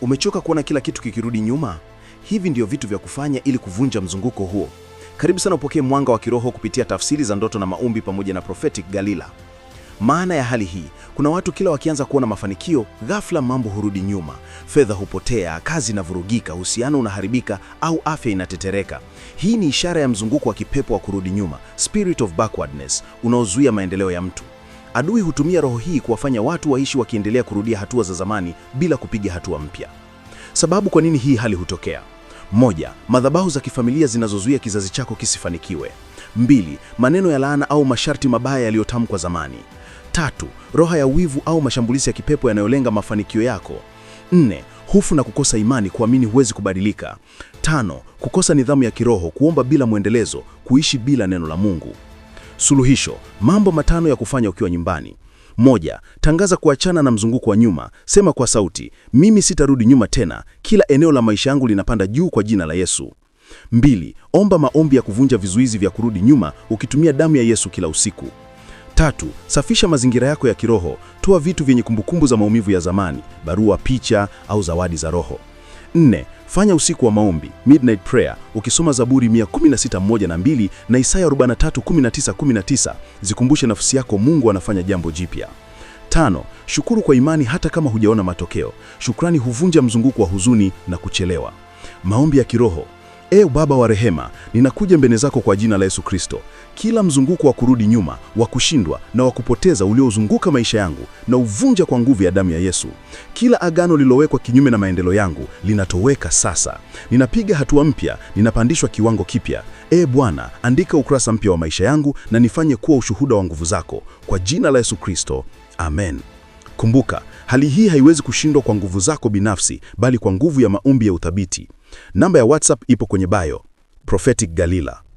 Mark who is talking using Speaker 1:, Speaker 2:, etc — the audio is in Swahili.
Speaker 1: Umechoka kuona kila kitu kikirudi nyuma? Hivi ndio vitu vya kufanya ili kuvunja mzunguko huo. Karibu sana upokee mwanga wa kiroho kupitia tafsiri za ndoto na maombi pamoja na Prophetic Galila. Maana ya hali hii, kuna watu kila wakianza kuona mafanikio, ghafla mambo hurudi nyuma, fedha hupotea, kazi inavurugika, uhusiano unaharibika au afya inatetereka. Hii ni ishara ya mzunguko wa kipepo wa kurudi nyuma, spirit of backwardness, unaozuia maendeleo ya mtu. Adui hutumia roho hii kuwafanya watu waishi wakiendelea kurudia hatua za zamani bila kupiga hatua mpya. Sababu kwa nini hii hali hutokea: moja, madhabahu za kifamilia zinazozuia kizazi chako kisifanikiwe; mbili, maneno ya laana au masharti mabaya yaliyotamkwa zamani; tatu, roho ya wivu au mashambulizi ya kipepo yanayolenga mafanikio yako; nne, hofu na kukosa imani, kuamini huwezi kubadilika; tano, kukosa nidhamu ya kiroho, kuomba bila mwendelezo, kuishi bila neno la Mungu. Suluhisho: mambo matano ya kufanya ukiwa nyumbani. Moja, tangaza kuachana na mzunguko wa nyuma. Sema kwa sauti, mimi sitarudi nyuma tena. Kila eneo la maisha yangu linapanda juu kwa jina la Yesu. Mbili, omba maombi ya kuvunja vizuizi vya kurudi nyuma ukitumia damu ya Yesu kila usiku. Tatu, safisha mazingira yako ya kiroho. Toa vitu vyenye kumbukumbu za maumivu ya zamani, barua, picha au zawadi za roho. Nne, fanya usiku wa maombi midnight prayer, ukisoma Zaburi 116:1 na 2 na Isaya 43:19-19. Zikumbushe nafsi yako Mungu anafanya jambo jipya. Tano, shukuru kwa imani hata kama hujaona matokeo. Shukrani huvunja mzunguko wa huzuni na kuchelewa. Maombi ya kiroho E Baba wa rehema, ninakuja mbele zako kwa jina la Yesu Kristo. Kila mzunguko wa kurudi nyuma, wa kushindwa na wa kupoteza uliozunguka maisha yangu, na uvunja kwa nguvu ya damu ya Yesu. Kila agano lilowekwa kinyume na maendeleo yangu linatoweka sasa. Ninapiga hatua mpya, ninapandishwa kiwango kipya. E Bwana, andika ukurasa mpya wa maisha yangu na nifanye kuwa ushuhuda wa nguvu zako, kwa jina la Yesu Kristo, amen. Kumbuka, hali hii haiwezi kushindwa kwa nguvu zako binafsi, bali kwa nguvu ya maombi ya uthabiti. Namba ya WhatsApp ipo kwenye bio. Prophetic Galila.